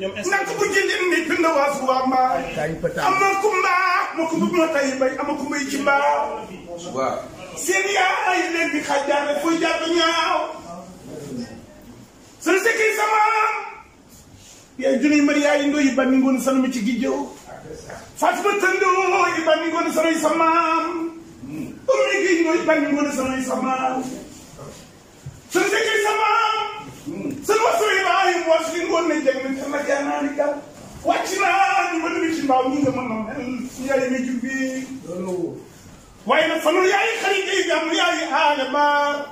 ñoom instant bi. bu jëndee waa fu waa kumba ma ko bëgg ma bay ama kumba yi ci mbaa. waaw. leen di xaj daal fooy ñaaw. sunu sekki sama. yaay junniy mbër yaay yi bànni ngoon sanu ci gijjoo. Fatima Tandoo yi yi bànni ngoon sanoy sa maam. sunu sanoso ibrahim wasli won ne jeg min tamati anani ka waccinaani woni mi ci mbaw ni nga man non yayi mi jubbi way na fanu yayi xari gay gam yayi ala ba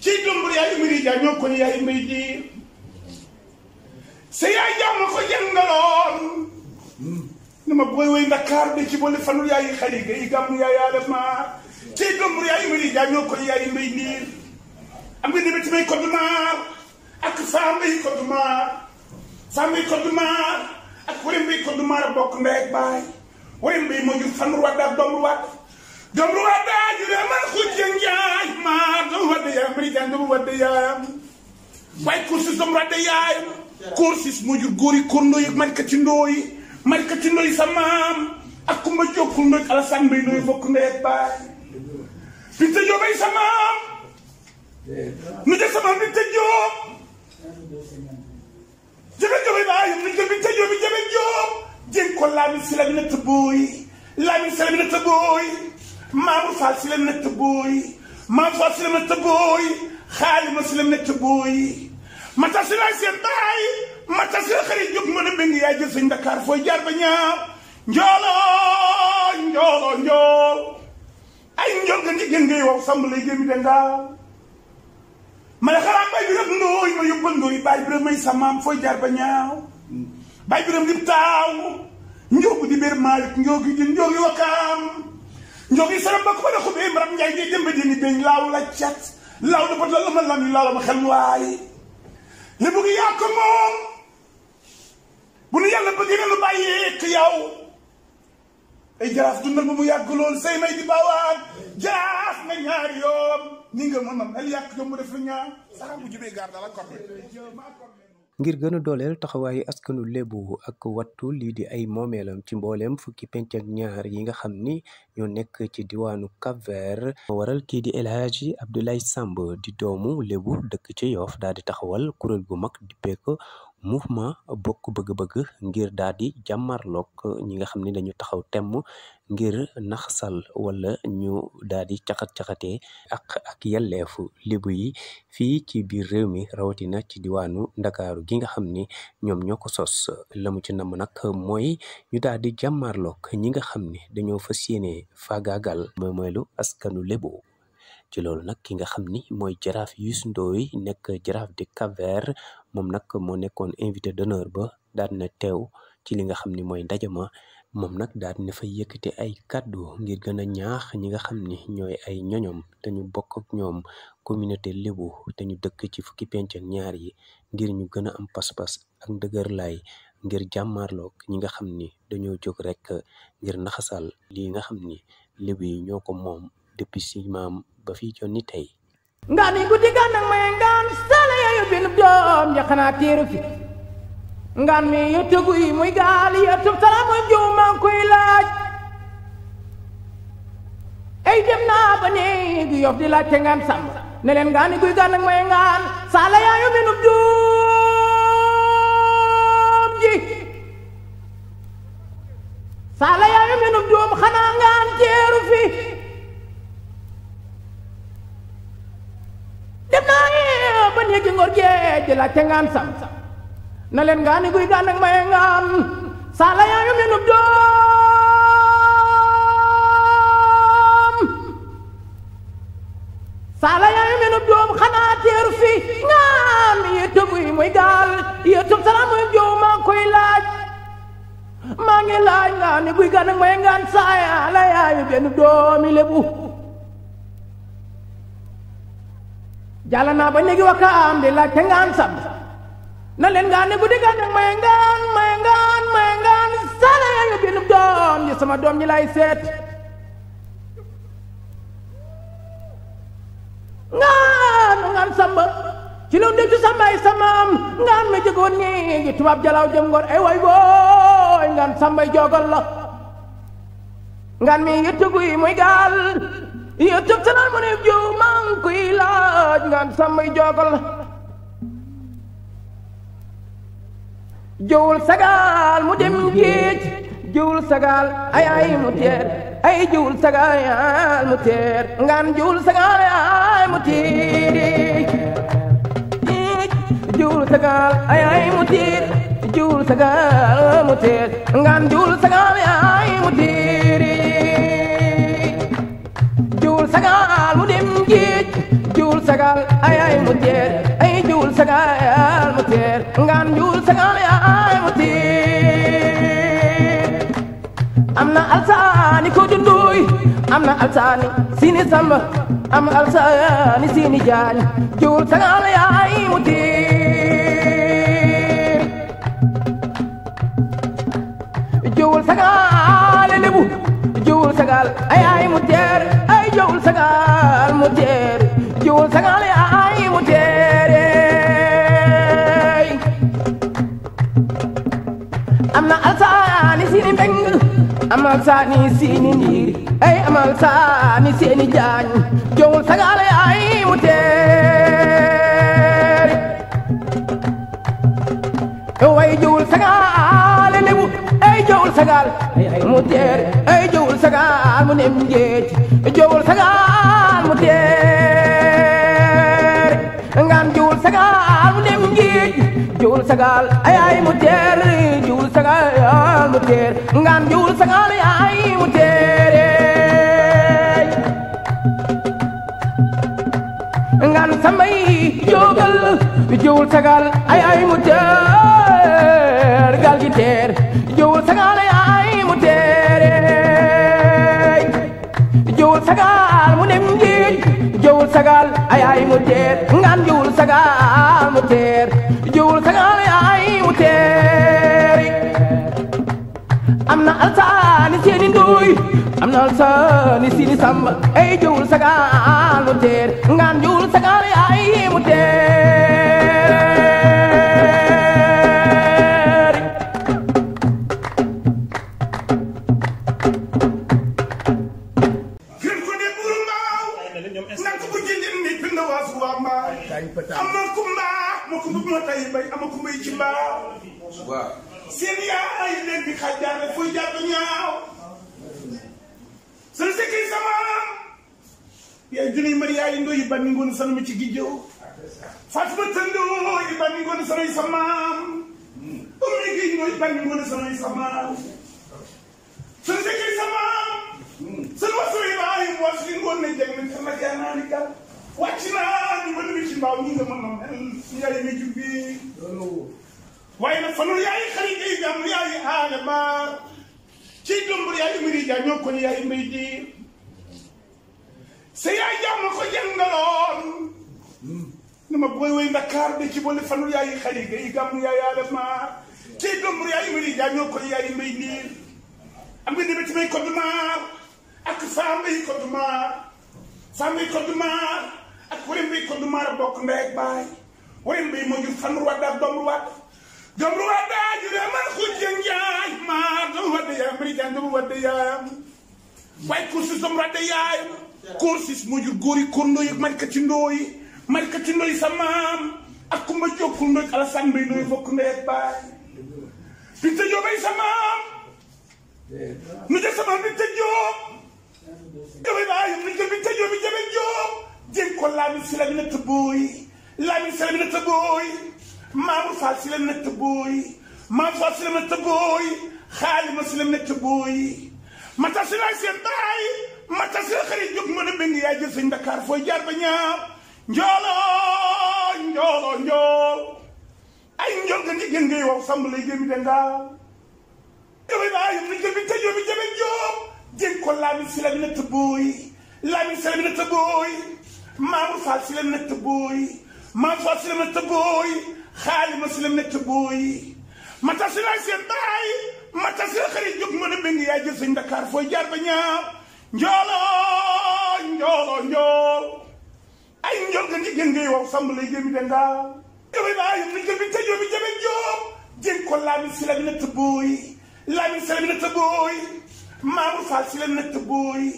ci dumbur yayi mi ja ñoko ni yayi mbay di se yayi jam ko jangaloon nima boy way dakar de ci boli fanu yayi xari gay gam yayi ala ma ci dumbur yayi mi ja ñoko ni yayi mbay ni am nga ni bi ci may ko dunar ak faa mbay Code Mar faa mbay Code Mar ak wari mbay Code Mar bokk ndey baay wari mbay moo jur fan ruwaat ak doom man xuj ya njaay maa doom wadde yaayam bari jaan doom wadde kursis doom wadde kursis moo jur góori korndooy ak markati ndooy markati sa maam ak kumba jokkul ndooy Alassane mbay ndooy bokk ndey baay Binta Jóobay sa maam nu jël sa jafe jafe ba yom nañ ko biñ ca joobi jafe joob jéng ko laamin si la mi natt booy laamin mi natt booy maamu faal si la mi natt booy maamu faal si la mi natt booy xaalima si la mi natt booy mata si laa seen baay mata si la xarit a yaa jël sañ Dakar fooy jaar ba ñaaw njoolo njoolo njool ay njool nga njëgën ngay wow sàmb lay gémi dangaa ma ne xanaa bay biram ndooy ma yóbbal ndooy bay biram may sa fooy jaar ba ñaaw bay biram lip taaw njoogu di bér maalik njoogi di njoogi wakaam njoogi saram ba ko ba da xubeem ram njaay ngay jëmbe dini beñ laaw la cat laaw da bat la la ma lam laaw la ma xel waay li mu ngi yaa moom bu nu yàlla bëgg na lu bàyyee ak yow ay jaraaf dundal ba mu yàgg lool say di baawaat jaraaf nga ñaari yoon ni nga mën am ak korne ngir gën dooleel taxawaayu askanu lébu ak wattu lii di ay moomeelam ci mbooleem fukki penc ak ñaar yi nga xam ni ñoo nekk ci diwaanu Cap-Vert waral kii di El Hadji Abdoulaye Samb di doomu lébu dëkk ci yoof daal taxawal kuréel gu mag di pekk mouvement bokk bëgg-bëgg ngir daal di jàmmarloog ñi nga xam ni dañu taxaw temm ngir naxsal wala ñu daal di caxat-caxatee ak ak yelleefu libu yi fii ci biir réew mi rawatina ci diwaanu ndakaaru gi nga xam ni ñoom ñoo ko sos lamu ci namm nag mooy ñu daal di jàmmarloog ñi nga xam ni dañoo fa yéene faagaagal mooy moylu askanu lébo ci loolu nag ki nga xam ni mooy jaraaf Youssou Ndoye nekk jaraaf de cap moom nag moo nekkoon invité d'honneur ba daal na teew ci li nga xam ni mooy ndaje ma moom nag daal dina fay yëkkati ay kàddu ngir gën a ñaax ñi nga xam ni ñooy ay ñoñom te ñu bokk ak ñoom communauté lébu te ñu dëkk ci fukki penc ñaar yi ngir ñu gën a am pas-pas ak ndëgër laay ngir jàmmaarloog ñi nga xam ni dañoo jóg rek ngir naxasal li nga xam ni lébu yi ñoo ko moom depuis si maam ba fii jonni tey nga ni guddi gànnag may ngaan sala yayu binub doom yaxanaa téeru fi ngaan mi yu tëggu yi muy gaal yi ëttub salaama jow maa ngi laaj ay dem naa ba néegi yof di laaj te ngaan sam ne leen ngaan ni gaan nag mooy ngaan saala yaayu benub ji saala yaayu benub doom xanaa ngaan jeeru fi dem naa eh, ba néegi ngor geej di laaj te ngaan sam na gani gue ganeng guy gaan ak maye nga am sala yaayum yenub doom sala ngam yenub doom xanaa teer fi ngaam iya yëtëb yi muy gaal yëtëb iya sala muy jow maa koy laaj maa ngi laaj nga ni guy gaan ak maye nga am sala lebu ba na leen ngaan ne guddi gaan nag ngaan may ngaan may ngaan sala yu doom ñi sama doom ñi lay seet ngaan ngaan samba ci loon dëgg sambaay samaam ngaan ma jëgoon nii ngi tubaab jalaaw jëm ngor ay way booy ngaan sambay joogal la ngaan mi ngi tëggu yi gaal yëpp sanaan mu ne jëw maa ngi koy laaj ngaan sambay joogal la Jul Sagal mu dem géej Jul Sagal ay ay mu teer ay Jul Sagal mu teer ngaan Jul Sagal ay mu teer Jul Sagal ay ay mu teer Jul Sagal mu teer ngaan Jul Sagal ay mu teer Jul Sagal mu dem géej Jul Sagal ay ay mu teer ay Jul Sagal mu teer ngaan Jul Sagal alsaani siini samba am alsaani siini jaani juur sagal yaay mutiir juur sagal lebu juur sagal ayaay mutiir ay juur sagal mutiir juur sagal yaay mutiir am na alsaani siini mbeng amal saani seeni ndiir ay amal saani seeni jaañ joowul sagaala yaay mu teeri way joowul sagaal lebu mu teeri ay joowul sagaal mu nem njeeti joowul sagaal mu teeri juul sagal ayaay mu teer juul sagal ayaay mu teer ngam juul sagal ayaay mu teer ngam sambay jógal juul sagal ayaay mu teer gal gi teer juul sagal ayaay mu teer juul sagal mu dem jiij juul sagal ayaay mu teer ngam juul sagal mu teer jawul sa ni sini samba ay jawul sa gaalu teer ngaan jawul sa gaali ay mu teer kir ko de buru mbaaw nang ko bujji nin ni pinda waasu waa mbaaw amma ku mbaaw ma ko bub ma tay bay amma ku mbay ci mbaaw seen yaay leen di xajaane fuy jàpp ñaaw sun sikki sama yaay junay mariya yi ndo yibanni ngoni sanumi ci gijjo fatmata ndo yibanni ngoni sanoy samam ummi gij ndo yibanni ngoni sanoy samam sun sikki sama sun wasu ibrahim wasu ngoni jagmin kala ganani kal wàccina ñu mën mi ci mbaaw ñi nga mën a mel yaay mi jubbi waaye nag fanul yaay xarit yi gam yaay aadama Kiidombor ya imrija ñokkon ya imriji so yaa jamma ko janngaloon nima boy way dakar de cibole fanul yaayi xaliga i gammu ya yaale maar Kiidombor ya imrija ñokkon ya imriji am ngi ndebe timay koddu maar ak faambay koddu maar faambay koddu maar ak warim bay koddu maar bokk ndey ak baay warim bay moo jur fanul wadda ak dombul wadda جمر وداجر من خجن جاي ما وديا مريجان جمر وديا واي كورسي سمرا ديا كورسي موجور غوري كورنو يك مالكتي نوي مالكتي نوي سمام ak kumba jóg ku ndoj alasaan mbay nooy bokk ndey ak baay binta jóob ay sa maam nu jël sa maam binta jóob jobay baayam nu jël binta jóob bi jabe jóob jéng ko laamin si la mi natt booy laamin si la mi natt booy ما مصال سلم تبوي ما مصال سلم تبوي خالي مسلم تبوي ما تصل سين باي ما تصل خري جوك من بين يا جي دكار فو جار بنيا نجولو نجولو نجول اي نجول گني جنجي واو بلي جيمي دنگا من نجيبي تجو بي جبن جوب جين كل لامي سلم تبوي لامي سلم تبوي ما مصال سلم تبوي ما مصال سلم تبوي xaali masalam ne tëbbooyi ma tasi laa seen baay ma tasi la xarit jóg mën a béng yaay jël fooy jaar ba ñaaw njoolo njoolo njool ay njool nga jigéen ngay wow sàmb lay jëmi dangaa dafay baay na jëmi tëjoo bi jëme jóob jéng ko laamin si mi na tëbbooyi laamin si la mi na tëbbooyi maamu faal si la mi na tëbbooyi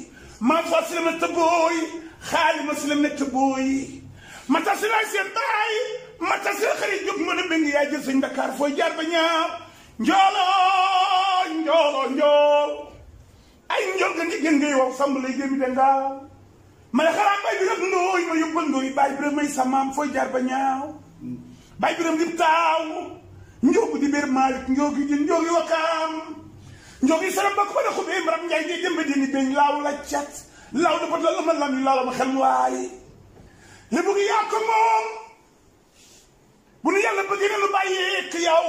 maamu faal si la mi na tëbbooyi xaali masalam ne tëbbooyi ma tasi laa seen baay mata sa xarit jóg mën a bëgg yaa jël sëñ Dakar fooy jaar ba ñaaw njoolo njoolo njool ay njool nga njëgën ngay wow samb lay gébi de ngaaw ma ne xalaat bay bi rek ndooy ma yóbbal ndooy bàyyi bi rek may sa bi rek di taaw njoogu di biir Malick njoogi di ba ko ba ne xubee maram njaay ngay jëmbe dini beñ laaw la cat laaw dafa la la ma lam yi laaw la ma xel waaye li bëgg yaa ko moom bu nu yàlla bëgg na lu bàyyee ek yow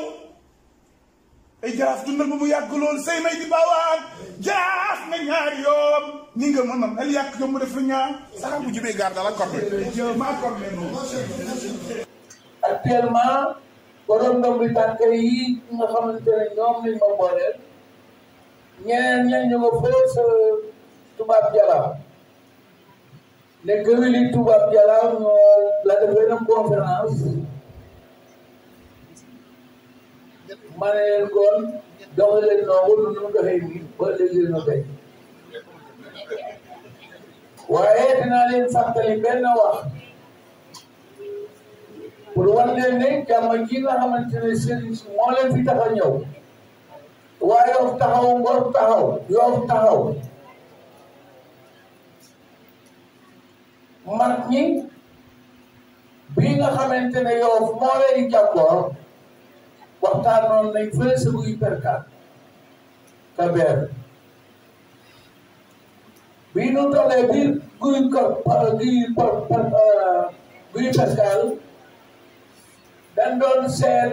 ay jaraaf dundal ba mu may di baawaan jaraaf na ñaari yoon ni mën am el yàq jom mu def ñaar sax bu jubee gaar daal ak korne ma ne ñoom lañ ma booleel ñeneen ña ñu nga fële sa tubaab jalaaw ne gëwëli tubaab jalaaw la defee na conférence ma ne leen kon doxalee noo wala nu mu doxee nii wala léeg-léeg noo waaye dinaa leen fàttali benn wax pour wan leen ji nga xamante ne sëriñ si moo fi tax a ñëw waaye taxaw Ngor taxaw Yoff taxaw mag ñi bi nga xamante ne Yoff moo lay jàppoor waxtaanoon nañ fële sa buy perkaat kabeer bii nu tollee bii guy ko guy guy perkaal dañ doon seet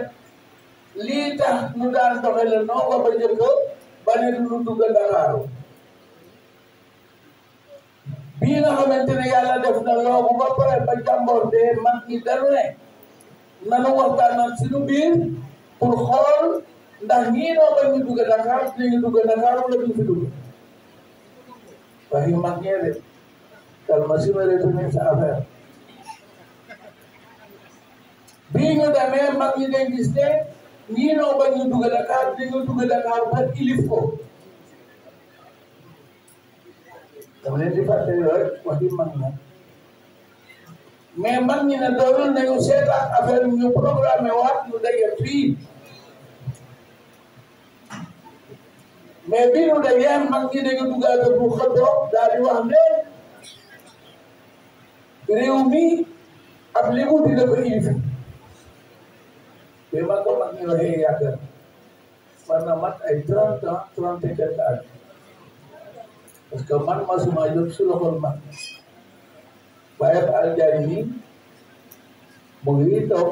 lii tax mu daan doxale noo ba jëkk ba ne lu dugg Ndakaaru bii nga xamante ne yàlla def na loogu ba pare ba jàmboor de mag ñi dalu ne nanu waxtaanoon sunu biir bul xool ndax ñii noo Dakar dinañu dugg Dakar wala duñ fi dugg wax yu mag ñee de calma si ma retenir sa affaire bii ñu demee mag ñi Dakar Dakar di mais mag ñi ne doolul nañu seetaat affaire programme waat ñu daje fii mais bii nu dajee mag ñi dañu duggaat bu xëddoo daal di wax ne réew mi ab limu dina ko indi mais man ko mag ñi waxee yàgg na war na mat ay trente ans trente et quelques années que man ma suma jot su loxol mag Pape Aldiagne nii mu ngi toog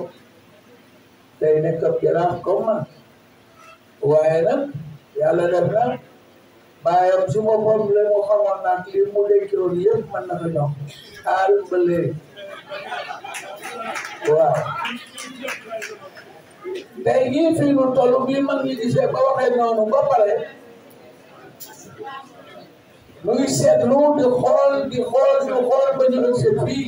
tey nekk ab jaraaf comme man waaye nag na baayam su ma problème mu xamoon naa li mu lekkiroon yëpp mën na ko aal ba léegi waaw tey jii fii nu toll bii mag ñi gisee ba waxee noonu ba pare muy seetlu di xool di xool di xool ba ñu ëgsee fii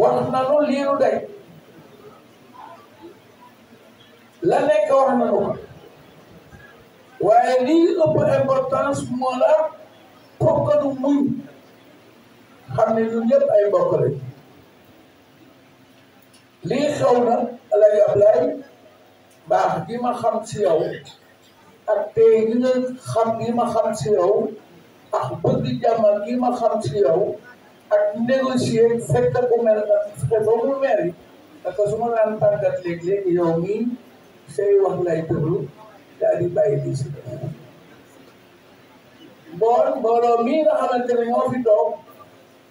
wax nanu lii nu day la nekk wax nanu ko waaye lii ëpp importance moo la fokkanu muñ xam ne ñun ñëpp ay mbokk lañ lii xew na Alaaji Ablaay baax gi ma xam si yow ak tey li ma xam si yow ak bëgg jàmm ak li ma xam si yow ak négocier fekk bu mel na te ba mu meri parce que su ma naan tàggat léeg-léeg yow mii say wax lay déglu daal di bàyyi di si mbool mbooloo mii nga xamante toog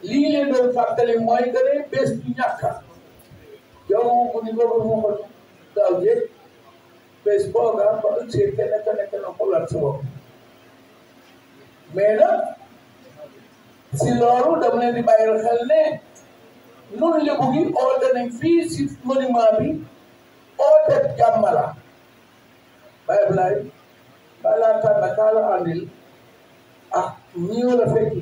lii leen doon fàttali mooy que ne bés bu ñàkk mu xool daaw bés boogaa ba ëgg see kenn ku nekk na xoolal si bopp mais nag si loolu dama leen di bàyyil xel ne nun lébu gi oote nañ fii si monument bi oote jàmm la Baye Blay balaa tànn kaa la àndil ah ñëw la fekk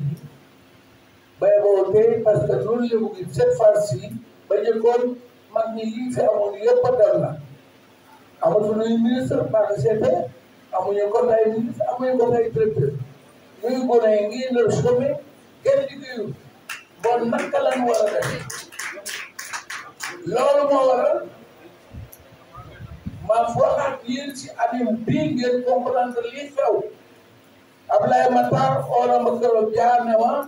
boo tey parce nun lébu gi cette fois-ci ba njëkkoon mag ñi lii fi amoon yëpp amatuñu ministre maanaam CP amuñu côté ay ministre amuñu côté ay directeur muy gone yi ngi leen somme kenn di ko bon naka lan war loolu moo waral ma waxaat yéen ci anim bii comprendre li xew Ablaye Matar oo na ma keroog jaar ne ma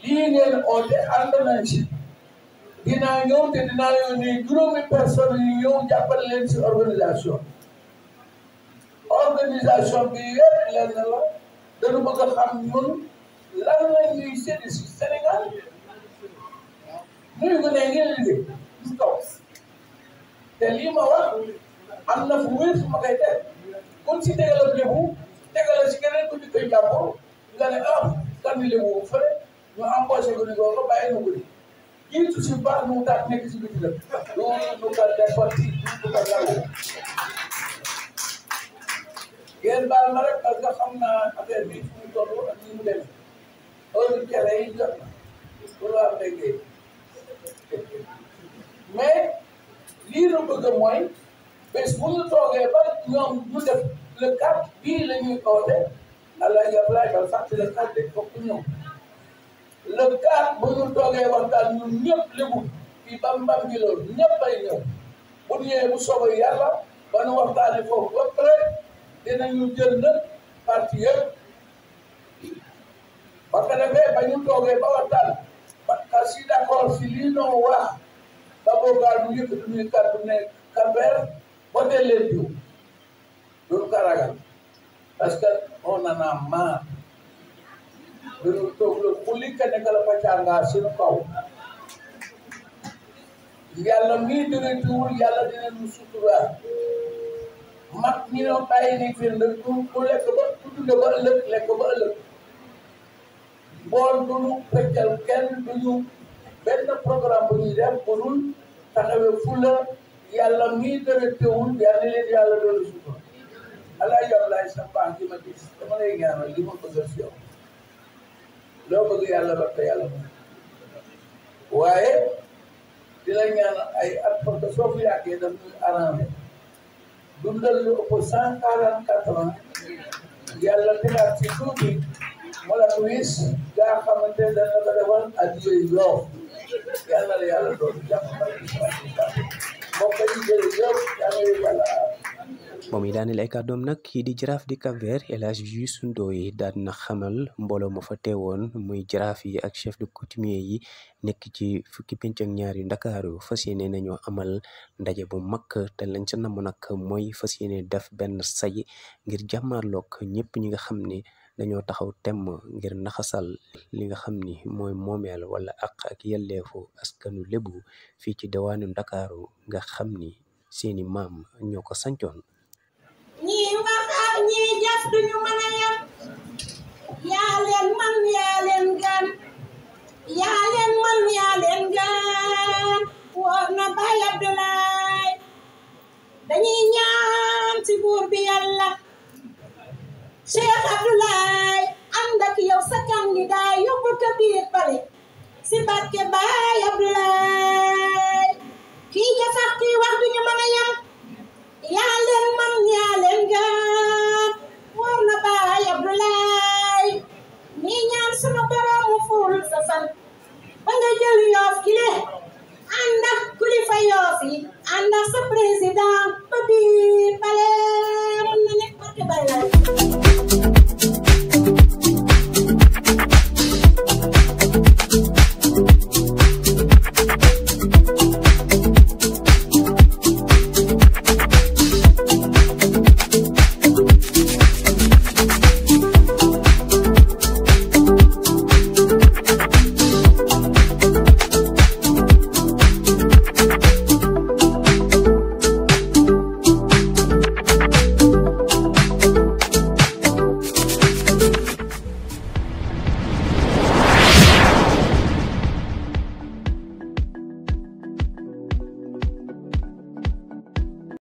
lii ngeen dinaa ñëw te dinaa yónnee juróomi personne yu ñëw jàppale leen organisation organisation bi yëpp lenn la dañu bëgg a xam ñun lan la ñuy sédd si Sénégal ñuy gën a ngeen liggéey si kaw te lii ma wax am na fu wér fu ma koy teg kon si tegalal lébu tegalal si keneen ku di koy jàppoo nga ne ah kan lébu fële ñu embauché ko ni ko bàyyi na ko Isso se faz num lugar que se duvida. Num lugar da partido, num lugar da ngeen baal ma rek parce que xam naa affaire bi fu mu toll ak ni mu demee heure cere yi jot na pour laa déggee mais lii la bëgg mooy bés bu ñu toogee ba ñoom ñu def le cadre bii la ñuy oote allah yab laay bal fàtte le cadre de fokk ñoom le quatre bu ñu toogee waxtaan ñun ñëpp lébu fii bambam gi loolu ay ñëw bu ñëwee bu soobee yàlla ba nu waxtaanee foofu ba pare dinañu jël nag parti ba ko ba ñu toogee ba waxtaan parce si d'accord si lii wax ba boobaa ñu yëkkati ñuy kàddu ne Kambert voté leen diw duñu ko ragal parce que on en dañu toog la kulli kenn kala paccangaa seen kaw yàlla mii dëne yàlla dina ñu sutura mag ñi no bàyyi ni fi ndëg du lekk ba du ba ëllëg lekk ba ëllëg bool duñu peccal kenn duñu benn programme bu ñuy def bu dul taxawe fula yàlla mii dëne yàlla leen sutura ala yow laay sa baax gi ma gis dama lay ñaanal li ma bëgg si loo bëgg yàlla ba te yàlla waaye di la ay at parce que soo fi yàggee daf ñuy lu ëpp cent quarante quatre ans yàlla tegaat ci tuuti mu la wis gaa xamante ne dana ko defal adieu yoo yàlla la yàlla doon jàpp mbokk yi jërëjëf moom yi daaneel ay kàddoom nag kii di jaraaf di Cap Vert El Hadji Youssou Ndoye daan na xamal mbooloo ma fa woon muy jaraaf yi ak chef de coutumier yi nekk ci fukki pénc ñaar yu Ndakaaru fas yéene nañoo amal ndaje bu mag te lañ ca namm nag mooy fas yéene def benn say ngir jàmmaarloog ñëpp ñi nga xam ne dañoo taxaw temm ngir naxasal li nga xam ni mooy moomeel wala ak ak yelleefu askanu lébu fii ci diwaanu Ndakaaru nga xam ni seeni maam ñoo ko sancoon ñi war ak ñi jaf duñu mën a yem yaa leen man yaa leen gan yaa leen man yaa leen gan woor na Baay Abdoulaye dañuy ñaan ci buur bi yàlla Cheikh Abdoulaye ànd ak yow sa candidat yóbbu ko biir pale si barke Baay Abdoulaye kii jaf ak kii wax duñu mën a yem yaa leen gaan war na baay Abdoulaay ni ñaan sama borom mu ful sa fan ba nga jël yoof gi le ànd ak kilifa yoof yi ànd ak sa président ba biir pale mun na nekk barke bay laay